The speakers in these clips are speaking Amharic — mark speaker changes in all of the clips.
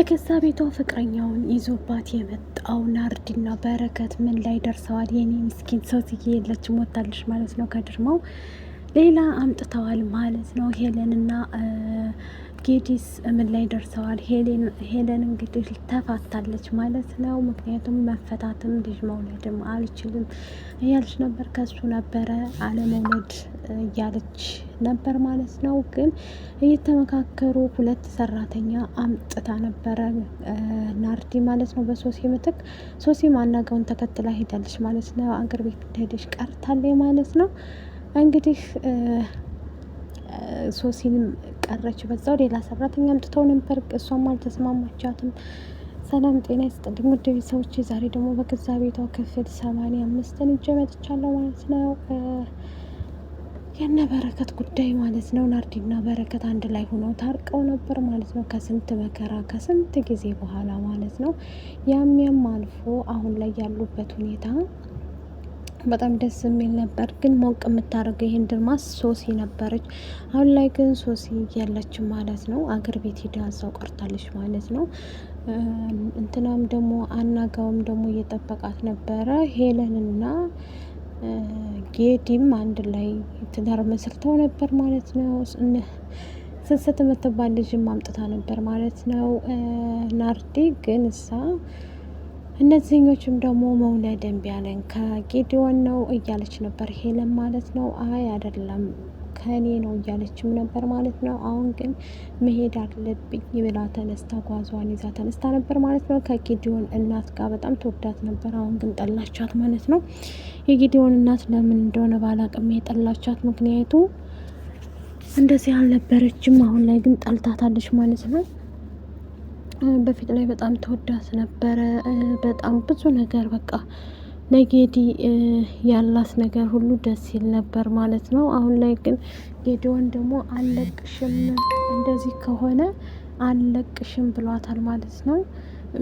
Speaker 1: በገዛ ቤቷ ፍቅረኛውን ይዞባት የመጣው ናርዲና በረከት ምን ላይ ደርሰዋል? የኔ ምስኪን ትዬ የለችም ወታለች ማለት ነው። ከድርመው ሌላ አምጥተዋል ማለት ነው። ሄለንና ጌዲስ ምን ላይ ደርሰዋል? ሄለን እንግዲህ ተፋታለች ማለት ነው። ምክንያቱም መፈታትም ልጅ መውለድም አልችልም እያለች ነበር። ከሱ ነበረ አለመውለድ እያለች ነበር ማለት ነው። ግን እየተመካከሩ ሁለት ሰራተኛ አምጥታ ነበረ ናርዲ ማለት ነው በሶሲ ምትክ። ሶሲ ማናገውን ተከትላ ሄዳለች ማለት ነው። አገር ቤት እንደሄደች ቀርታለች ማለት ነው። እንግዲህ ሶሲንም ቀረች በዛው። ሌላ ሰራተኛ አምጥተው ነበር፣ እሷም አልተስማማቻትም። ሰላም ጤና ይስጥልኝ ውድ ቤተሰቦቼ፣ ዛሬ ደግሞ በገዛ ቤቷ ክፍል ሰማንያ አምስትን ይዤ መጥቻለሁ ማለት ነው። የነ በረከት ጉዳይ ማለት ነው። ናርዲና በረከት አንድ ላይ ሆነው ታርቀው ነበር ማለት ነው። ከስንት መከራ ከስንት ጊዜ በኋላ ማለት ነው። ያም ያም አልፎ አሁን ላይ ያሉበት ሁኔታ በጣም ደስ የሚል ነበር። ግን ሞቅ የምታደርገው ይህን ድርማስ ሶሲ ነበረች። አሁን ላይ ግን ሶሲ ያለች ማለት ነው። አገር ቤት ሄዳ እዛው ቀርታለች ማለት ነው። እንትናም ደግሞ አናጋውም ደግሞ እየጠበቃት ነበረ ሄለንና ጌዲም አንድ ላይ ትዳር መስርተው ነበር ማለት ነው። ስንሰት የምትባል ልጅም አምጥታ ነበር ማለት ነው። ናርዲ ግን እሳ እነዚህኞችም ደግሞ መውለድ እምቢ አለን ከጌዲዮን ነው እያለች ነበር ሄለን ማለት ነው። አይ አይደለም ከኔ ነው እያለችም ነበር ማለት ነው። አሁን ግን መሄድ አለብኝ ብላ ተነስታ ጓዟን ይዛ ተነስታ ነበር ማለት ነው። ከጊዲዮን እናት ጋር በጣም ተወዳት ነበር። አሁን ግን ጠላቻት ማለት ነው። የጊዲዮን እናት ለምን እንደሆነ ባላቅም የጠላቻት ምክንያቱ እንደዚህ አልነበረችም። አሁን ላይ ግን ጠልታታለች ማለት ነው። በፊት ላይ በጣም ተወዳት ነበረ። በጣም ብዙ ነገር በቃ ለጌዲ ያላት ነገር ሁሉ ደስ ይል ነበር ማለት ነው። አሁን ላይ ግን ጌዲዮን ደግሞ አለቅሽም፣ እንደዚህ ከሆነ አለቅሽም ብሏታል ማለት ነው።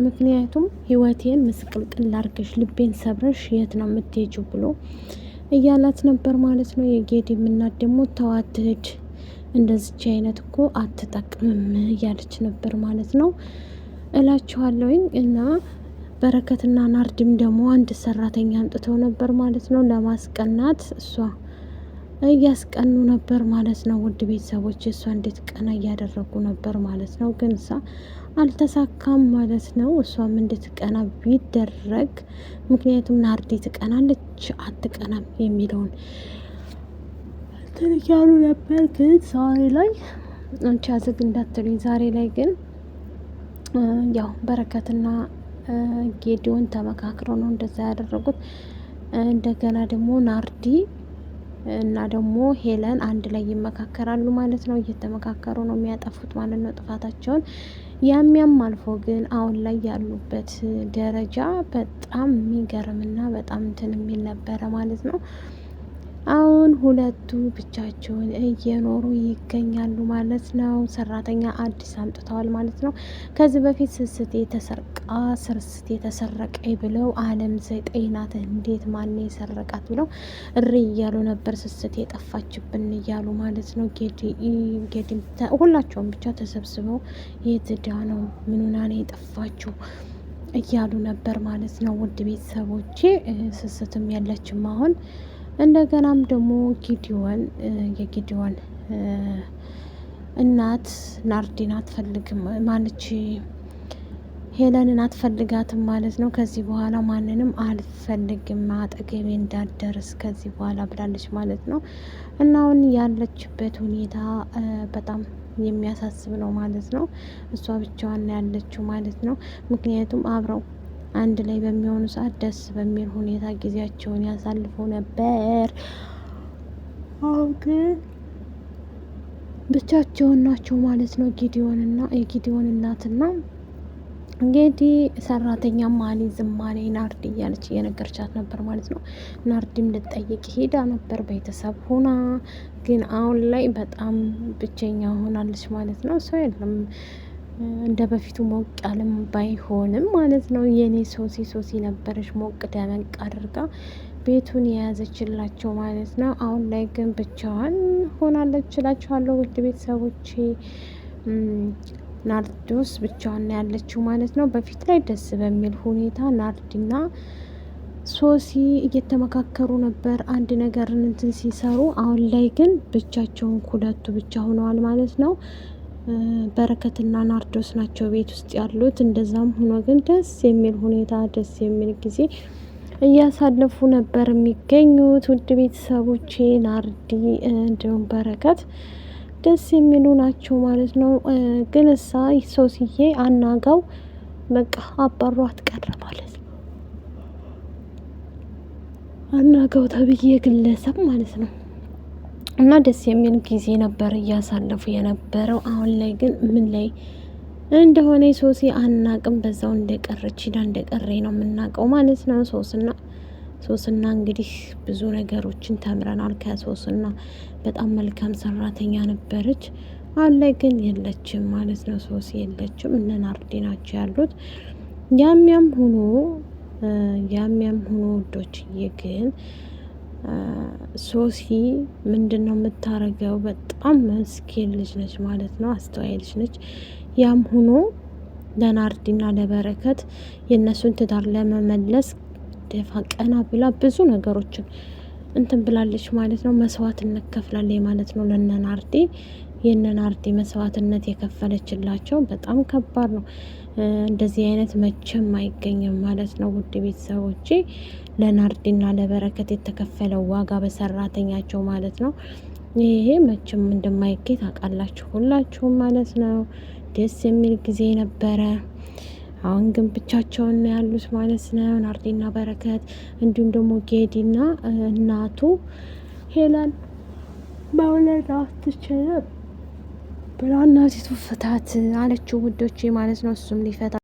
Speaker 1: ምክንያቱም ህይወቴን ምስቅልቅል ላርገሽ ልቤን ሰብረሽ የት ነው የምትሄጂው ብሎ እያላት ነበር ማለት ነው። የጌዲ የምናት ደግሞ ተዋትህድ እንደዚች አይነት እኮ አትጠቅምም እያለች ነበር ማለት ነው እላችኋለሁኝ እና በረከትና ናርዲም ደግሞ አንድ ሰራተኛ አምጥተው ነበር ማለት ነው ለማስቀናት። እሷ እያስቀኑ ነበር ማለት ነው። ውድ ቤተሰቦች እሷ እንዴት ቀና እያደረጉ ነበር ማለት ነው። ግን እሷ አልተሳካም ማለት ነው። እሷም እንዴት ቀና ቢደረግ ምክንያቱም ናርዲ ትቀናለች አትቀናም የሚለውን ያሉ ነበር። ግን ዛሬ ላይ አንቺ አዘግ እንዳትሉኝ ዛሬ ላይ ግን ያው በረከትና ጌዲዮን ተመካክሮ ነው እንደዛ ያደረጉት። እንደገና ደግሞ ናርዲ እና ደግሞ ሄለን አንድ ላይ ይመካከራሉ ማለት ነው። እየተመካከሩ ነው የሚያጠፉት ማለት ነው ጥፋታቸውን። ያም ያም አልፎ ግን አሁን ላይ ያሉበት ደረጃ በጣም የሚገርምና በጣም እንትን የሚል ነበረ ማለት ነው። አሁን ሁለቱ ብቻቸውን እየኖሩ ይገኛሉ ማለት ነው። ሰራተኛ አዲስ አምጥተዋል ማለት ነው። ከዚህ በፊት ስስት የተሰርቃ ስርስት የተሰረቀ ብለው አለም ዘጠናት እንዴት ማን የሰረቃት ብለው እሪ እያሉ ነበር። ስስት የጠፋችብን እያሉ ማለት ነው። ጌዲም ሁላቸውም ብቻ ተሰብስበው የትዳ ነው ምኑናኔ ነው የጠፋችው እያሉ ነበር ማለት ነው። ውድ ቤተሰቦቼ ስስትም ያለችም አሁን እንደገናም ደግሞ ጊዲዮን የጊዲዮን እናት ናርዲን አትፈልግም ማለች ሄለንን አትፈልጋትም ማለት ነው። ከዚህ በኋላ ማንንም አልፈልግም አጠገቤ እንዳደርስ ከዚህ በኋላ ብላለች ማለት ነው። እና አሁን ያለችበት ሁኔታ በጣም የሚያሳስብ ነው ማለት ነው። እሷ ብቻዋን ያለችው ማለት ነው። ምክንያቱም አብረው አንድ ላይ በሚሆኑ ሰዓት ደስ በሚል ሁኔታ ጊዜያቸውን ያሳልፉ ነበር። አሁን ግን ብቻቸውን ናቸው ማለት ነው። ጊዲዮንና የጊዲዮን እናትና ጌዲ ሰራተኛ ማሊ ዝማኔ ናርድ እያለች እየነገርቻት ነበር ማለት ነው። ናርድም ልጠየቅ ሄዳ ነበር ቤተሰብ ሆና፣ ግን አሁን ላይ በጣም ብቸኛ ሆናለች ማለት ነው። ሰው የለም እንደ በፊቱ ሞቅ ያለም ባይሆንም ማለት ነው። የኔ ሶሲ ሶሲ ነበረች ሞቅ ደመቅ አድርጋ ቤቱን የያዘችላቸው ማለት ነው። አሁን ላይ ግን ብቻዋን ሆናለች እላችኋለሁ ውድ ቤተሰቦቼ። ናርዶስ ብቻዋን ያለችው ማለት ነው። በፊት ላይ ደስ በሚል ሁኔታ ናርዲና ሶሲ እየተመካከሩ ነበር አንድ ነገር እንትን ሲሰሩ። አሁን ላይ ግን ብቻቸውን ሁለቱ ብቻ ሆነዋል ማለት ነው። በረከትና ናርዶስ ናቸው ቤት ውስጥ ያሉት። እንደዛም ሆኖ ግን ደስ የሚል ሁኔታ ደስ የሚል ጊዜ እያሳለፉ ነበር የሚገኙት። ውድ ቤተሰቦቼ ናርዲ እንዲሁም በረከት ደስ የሚሉ ናቸው ማለት ነው። ግን እሳ ሶስዬ አናጋው በቃ አባሯት አትቀረ ማለት ነው። አናጋው ተብዬ ግለሰብ ማለት ነው እና ደስ የሚል ጊዜ ነበር እያሳለፉ የነበረው። አሁን ላይ ግን ምን ላይ እንደሆነ ሶሲ አናቅም። በዛው እንደቀረች ሂዳ እንደቀሬ ነው የምናውቀው ማለት ነው። ሶስና ሶስና እንግዲህ ብዙ ነገሮችን ተምረናል ከሶስና። በጣም መልካም ሰራተኛ ነበረች። አሁን ላይ ግን የለችም ማለት ነው። ሶሲ የለችም፣ እነ ናርዲ ናቸው ያሉት። ያም ያም ሆኖ ያም ያም ግን ሶሲ ምንድን ነው የምታረገው? በጣም መስኪን ልጅ ነች ማለት ነው። አስተዋይ ልጅ ነች። ያም ሆኖ ለናርዲና ለበረከት የእነሱን ትዳር ለመመለስ ደፋ ቀና ብላ ብዙ ነገሮችን እንትን ብላለች ማለት ነው። መስዋዕት እንከፍላለን ማለት ነው ለነናርዲ ይህንን አርቴ መስዋዕትነት የከፈለችላቸው በጣም ከባድ ነው። እንደዚህ አይነት መቼም አይገኝም ማለት ነው። ውድ ቤተሰቦቼ ለናርዲና ለበረከት የተከፈለው ዋጋ በሰራተኛቸው ማለት ነው። ይሄ መቼም እንደማይገኝ ታውቃላችሁ ሁላችሁም ማለት ነው። ደስ የሚል ጊዜ ነበረ። አሁን ግን ብቻቸውን ያሉት ማለት ነው ናርዲና በረከት እንዲሁም ደግሞ ጌዲና እናቱ ሄላን መውለድ አትችልም። ብሏና ሴቶ ፍታት አለችው ውዶቼ ማለት ነው እሱም ሊፈታ